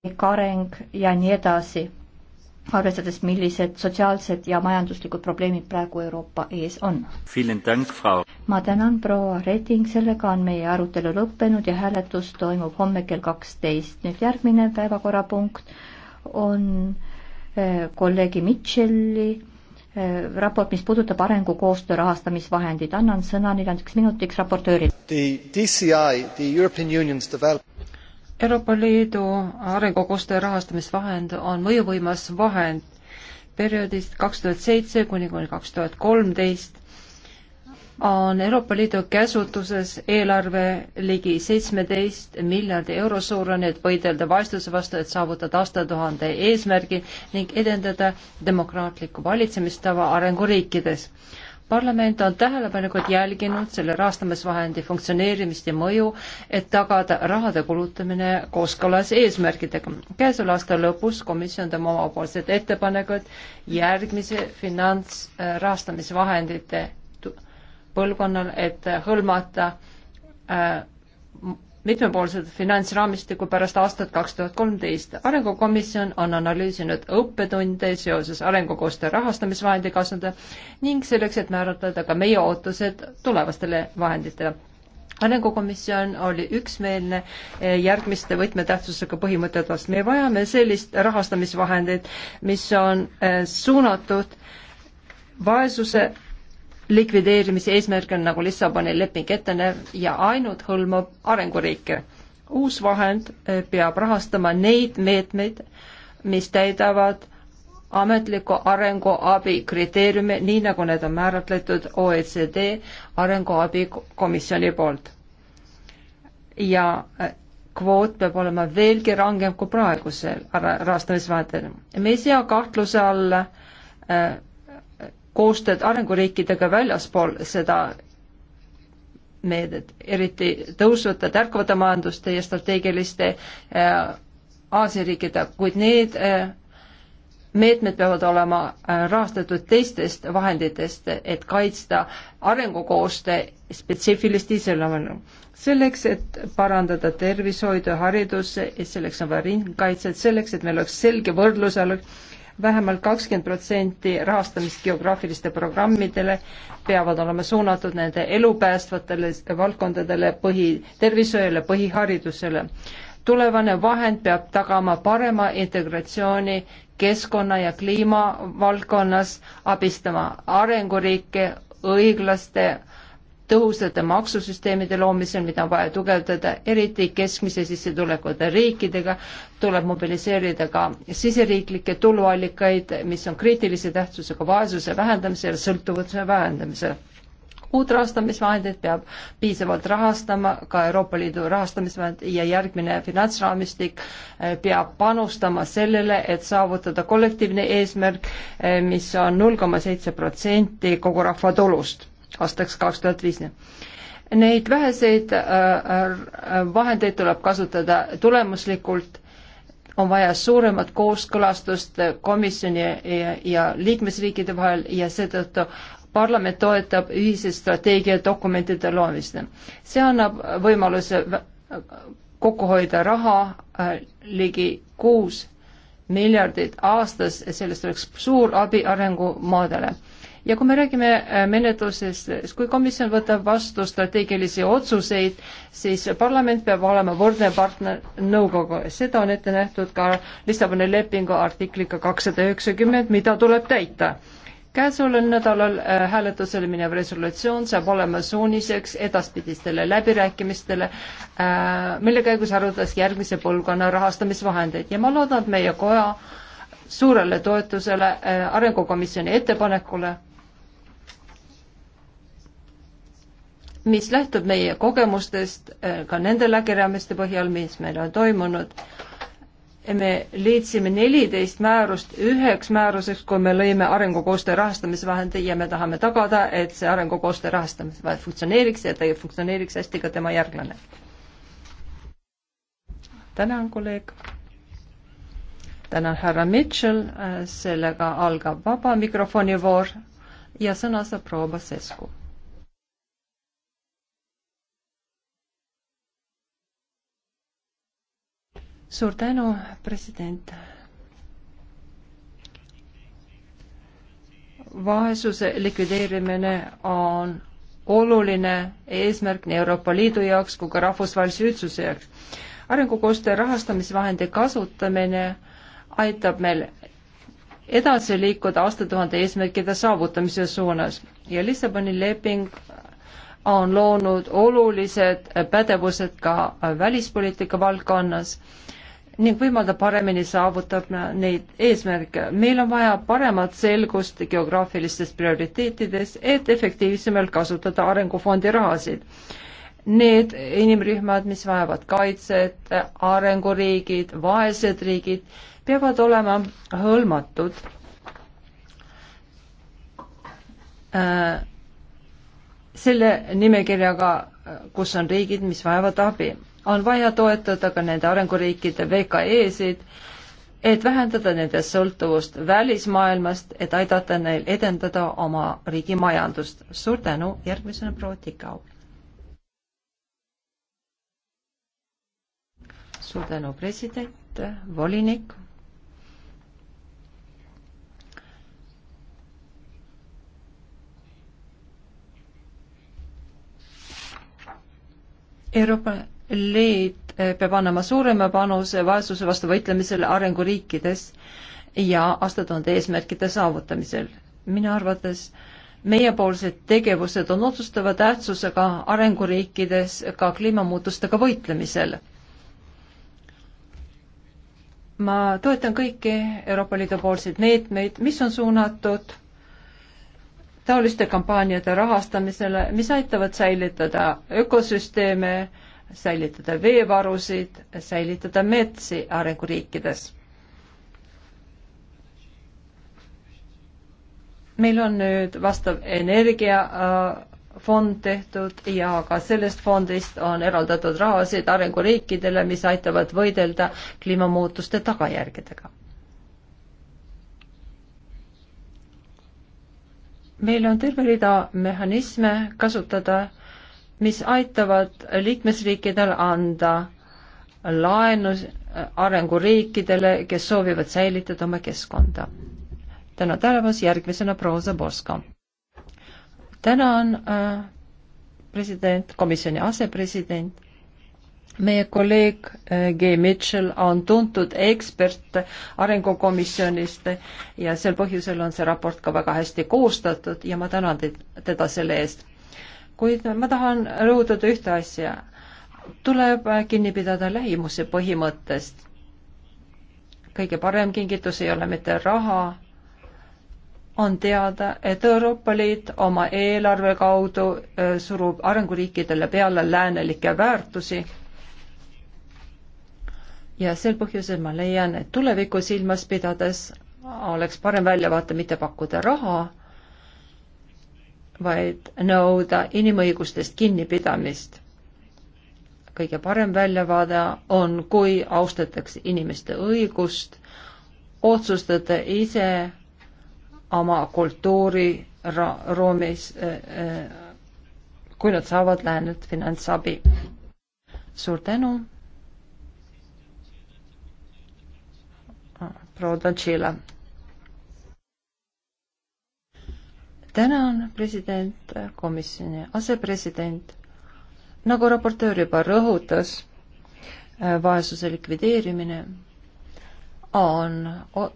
majanduslik areng ja nii edasi, arvestades, millised sotsiaalsed ja majanduslikud probleemid praegu Euroopa ees on. ma tänan, proua Reding, sellega on meie arutelu lõppenud ja hääletus toimub homme kell kaksteist. nüüd järgmine päevakorrapunkt on eh, kolleegi Mitchell'i eh, raport, mis puudutab arengukoostöö rahastamisvahendid. annan sõna neljandaks minutiks raportöörile. Euroopa Liidu arengukoostöö rahastamisvahend on mõjuvõimas vahend perioodist kaks tuhat seitse kuni kuni kaks tuhat kolmteist on Euroopa Liidu käsutuses eelarve ligi seitsmeteist miljardi euro suurune, et võidelda vaesuse vastu, et saavutada aastatuhande eesmärgi ning edendada demokraatlikku valitsemistava arenguriikides parlament on tähelepanelikult jälginud selle rahastamisvahendi funktsioneerimist ja mõju, et tagada rahade kulutamine kooskõlas eesmärkidega. käesoleva aasta lõpus komisjon teeb omapoolsed ettepanekud järgmise finantsrahastamisvahendite põlvkonnal, et hõlmata äh, mitmepoolset finantsraamistikku pärast aastat kaks tuhat kolmteist. arengukomisjon on analüüsinud õppetunde seoses arengukoostöö rahastamisvahendi kasutada ning selleks, et määratleda ka meie ootused tulevastele vahenditele arengukomisjon oli üksmeelne eh, järgmiste võtmetähtsusega põhimõtetes. me vajame sellist rahastamisvahendeid, mis on eh, suunatud vaesuse likvideerimise eesmärk on nagu Lissaboni leping ette näeb ja ainult hõlmab arenguriike. uus vahend eh, peab rahastama neid meetmeid, mis täidavad ametliku arenguabi kriteeriume, nii nagu need on määratletud OECD arenguabi komisjoni poolt. ja eh, kvoot peab olema veelgi rangem kui praegusel rahastamisvahendil. me ei sea kahtluse alla äh, koostööd arenguriikidega väljaspool seda meedet, eriti tõusvate, tärkavate majanduste ja strateegiliste äh, Aasia riikidega, kuid need äh, meetmed peavad olema äh, rahastatud teistest vahenditest, et kaitsta arengukoostöö spetsiifilist iseloomu. selleks, et parandada tervishoidu ja haridusse, selleks on vaja ringkaitset, selleks, et meil oleks selge võrdlusalus vähemalt kakskümmend protsenti rahastamist geograafiliste programmidele peavad olema suunatud nende elupäästvatele valdkondadele, põhitervishoiule, põhiharidusele. tulevane vahend peab tagama parema integratsiooni keskkonna ja kliima valdkonnas, abistama arenguriike õiglaste tõhusate maksusüsteemide loomisel, mida on vaja tugevdada, eriti keskmise sissetulekute riikidega, tuleb mobiliseerida ka siseriiklikke tuluallikaid, mis on kriitilise tähtsusega vaesuse vähendamisel, sõltuvuse vähendamisel uut rahastamisvahendit peab piisavalt rahastama, ka Euroopa Liidu rahastamisvahend ja järgmine finantsraamistik eh, peab panustama sellele, et saavutada kollektiivne eesmärk, eh, mis on null koma seitse protsenti kogu rahva tulust aastaks kaks tuhat viis. Neid väheseid äh, äh, vahendeid tuleb kasutada tulemuslikult, on vaja suuremat kooskõlastust komisjoni ja, ja liikmesriikide vahel ja seetõttu parlament toetab ühise strateegiadokumentide loomist. see annab võimaluse kokku hoida raha äh, ligi kuus miljardit aastas ja sellest oleks suur abi arengumaadele ja kui me räägime äh, menetlusest, kui komisjon võtab vastu strateegilisi otsuseid, siis parlament peab olema võrdne partner nõukogu, seda on ette nähtud ka Lissaboni lepingu artikliga kakssada üheksakümmend, mida tuleb täita käesoleval nädalal äh, hääletusele minev resolutsioon saab olema suuniseks edaspidistele läbirääkimistele, äh, mille käigus arutatakse järgmise põlvkonna rahastamisvahendeid ja ma loodan, et meie koja suurele toetusele arengukomisjoni ettepanekule mis lähtub meie kogemustest äh, ka nende läbirääkimiste põhjal, mis meil on toimunud. me liitsime neliteist määrust üheks määruseks, kui me lõime arengukoostöö rahastamisvahendi ja me tahame tagada, et see arengukoostöö rahastamisvahend funktsioneeriks ja ta funktsioneeriks hästi ka tema järglane. tänan, kolleeg. tänan, härra Mitchell. Äh, sellega algab vaba mikrofoni voor ja sõna saab proua Basescu suur tänu, president. vaesuse likvideerimine on oluline eesmärk nii Euroopa Liidu jaoks kui ka rahvusvahelise üldsuse jaoks. arengukoostöö rahastamisvahendi kasutamine aitab meil edasi liikuda aastatuhande eesmärkide saavutamise suunas ja Lissaboni leping on loonud olulised pädevused ka välispoliitika valdkonnas ning võimaldab paremini saavutada neid eesmärke. meil on vaja paremat selgust geograafilistes prioriteetides, et efektiivsemalt kasutada arengufondi rahasid. Need inimrühmad, mis vajavad kaitset, arenguriigid, vaesed riigid, peavad olema hõlmatud äh, selle nimekirjaga, kus on riigid, mis vajavad abi on vaja toetada ka nende arenguriikide VKE-sid, et vähendada nende sõltuvust välismaailmast, et aidata neil edendada oma riigi majandust. suur tänu, järgmisena proua Tikau. suur tänu, president, volinik. Euroopa Liit eh, peab annama suurema panuse vaesuse vastu võitlemisel arenguriikides ja aastatuhande eesmärkide saavutamisel. minu arvates meiepoolsed tegevused on otsustava tähtsusega arenguriikides ka kliimamuutustega võitlemisel. ma toetan kõiki Euroopa Liidu poolseid meetmeid, mis on suunatud taoliste kampaaniate rahastamisele, mis aitavad säilitada ökosüsteeme, säilitada veevarusid, säilitada metsi arenguriikides. meil on nüüd vastav energiafond äh, tehtud ja ka sellest fondist on eraldatud rahasid arenguriikidele, mis aitavad võidelda kliimamuutuste tagajärgedega meil on terve rida mehhanisme kasutada mis aitavad liikmesriikidel anda laenu arenguriikidele, kes soovivad säilitada oma keskkonda. täna tänavas järgmisena proua Zaborska. tänan äh, president, komisjoni asepresident, meie kolleeg äh, G Mitchell on tuntud ekspert arengukomisjonist ja sel põhjusel on see raport ka väga hästi koostatud ja ma tänan teid, teda selle eest kuid ma tahan rõhutada ühte asja. tuleb kinni pidada lähimuse põhimõttest. kõige parem kingitus ei ole mitte raha, on teada, et Euroopa Liit oma eelarve kaudu surub arenguriikidele peale läänelikke väärtusi. ja sel põhjusel ma leian, et tulevikku silmas pidades oleks parem väljavaate mitte pakkuda raha, vaid nõuda inimõigustest kinnipidamist. kõige parem väljavaade on, kui austatakse inimeste õigust otsustada ise oma kultuuri ruumis, eh, eh, kui nad saavad läänelt finantsabi. suur tänu. proua Tantšila tänan, president, komisjoni asepresident. nagu raportöör juba rõhutas, äh, vaesuse likvideerimine on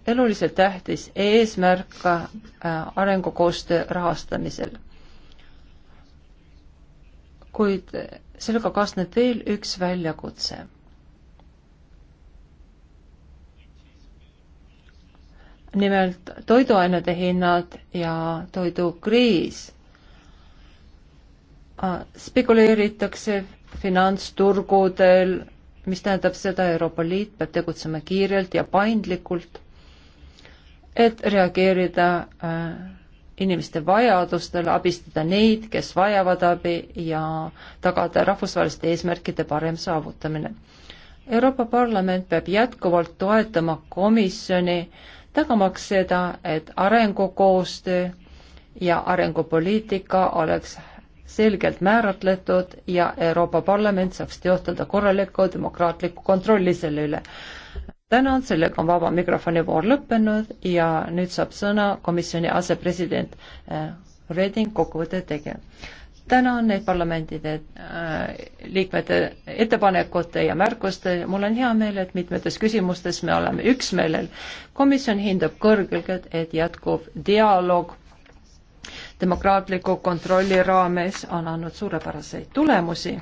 eluliselt tähtis eesmärk ka äh, arengukoostöö rahastamisel. kuid sellega kaasneb veel üks väljakutse nimelt toiduainete hinnad ja toidukriis. spekuleeritakse finantsturgudel, mis tähendab seda, Euroopa Liit peab tegutsema kiirelt ja paindlikult, et reageerida äh, inimeste vajadustele, abistada neid, kes vajavad abi ja tagada rahvusvaheliste eesmärkide parem saavutamine Euroopa Parlament peab jätkuvalt toetama komisjoni tagamaks seda, et arengukoostöö ja arengupoliitika oleks selgelt määratletud ja Euroopa Parlament saaks teostada korralikku demokraatlikku kontrolli selle üle. tänan, sellega on vaba mikrofoni voor lõppenud ja nüüd saab sõna komisjoni asepresident eh, Reding kokkuvõtte tegema tänan neid parlamendide äh, liikmete ettepanekute ja märkuste, mul on hea meel, et mitmetes küsimustes me oleme üksmeelel. komisjon hindab kõrgelt, et jätkuv dialoog demokraatliku kontrolli raames on andnud suurepäraseid tulemusi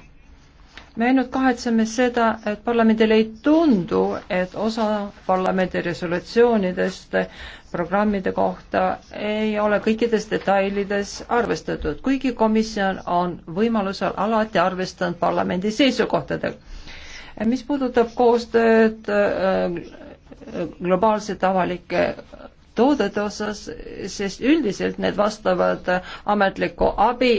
me ainult kahetseme seda, et parlamendil ei tundu, et osa parlamendi resolutsioonidest programmide kohta ei ole kõikides detailides arvestatud, kuigi komisjon on võimalusel alati arvestanud parlamendi seisukohtadega. mis puudutab koostööd äh, globaalsete avalike toodete osas, sest üldiselt need vastavad ametliku abi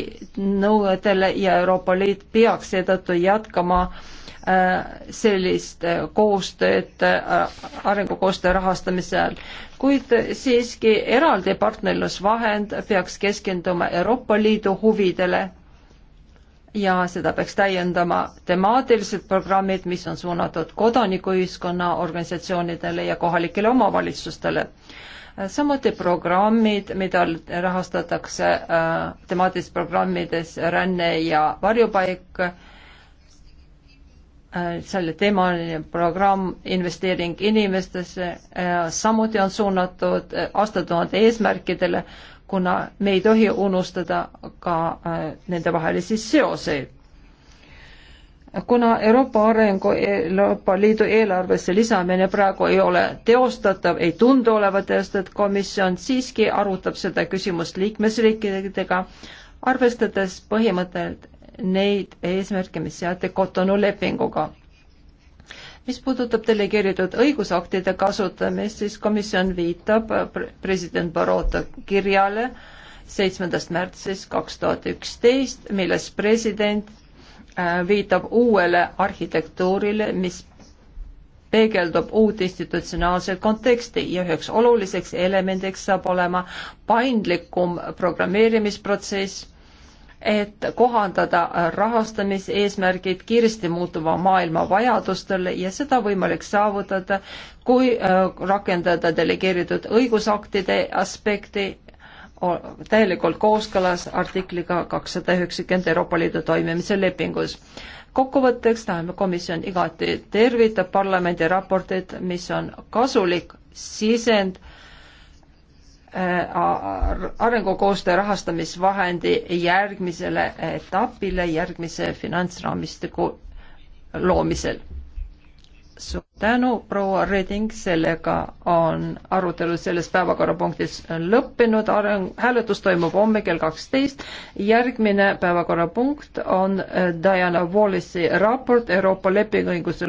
nõuetele ja Euroopa Liit peaks seetõttu jätkama äh, sellist äh, koostööd äh, arengukoostöö rahastamise ajal. kuid siiski eraldi partnerlusvahend peaks keskenduma Euroopa Liidu huvidele ja seda peaks täiendama temaatilised programmid, mis on suunatud kodanikuühiskonna organisatsioonidele ja kohalikele omavalitsustele. samuti programmid, mida rahastatakse äh, temaatilistes programmides ränne ja varjupaik äh,, Äh, selle teemaline programm Investeering inimestesse äh, samuti on suunatud äh, aastatuhande eesmärkidele, kuna me ei tohi unustada ka nendevahelisi seoseid. kuna Euroopa Arengu, Euroopa Liidu eelarvesse lisamine praegu ei ole teostatav, ei tundu olevat teostatav, komisjon siiski arutab seda küsimust liikmesriikidega, arvestades põhimõtet, neid eesmärke, mis seati Cotonou lepinguga. mis puudutab delegeeritud õigusaktide kasutamist, siis komisjon viitab president Barroso kirjale seitsmendast märtsist kaks tuhat üksteist, milles president äh, viitab uuele arhitektuurile, mis peegeldub uut institutsionaalset konteksti ja üheks oluliseks elemendiks saab olema paindlikum programmeerimisprotsess et kohandada rahastamiseesmärgid kiiresti muutuva maailma vajadustele ja seda võimalik saavutada, kui äh, rakendada delegeeritud õigusaktide aspekti täielikult kooskõlas artikliga kakssada üheksakümmend Euroopa Liidu toimimise lepingus. kokkuvõtteks tahame komisjon igati tervitab parlamendi raportit, mis on kasulik sisend äh, Äh, arengukoostöö rahastamisvahendi järgmisele etapile, järgmise finantsraamistiku loomisel. suur tänu, proua Reding, sellega on arutelu selles päevakorrapunktis lõppenud, areng, hääletus toimub homme kell kaksteist. järgmine päevakorrapunkt on äh, Diana Wallace'i raport Euroopa lepinguõiguse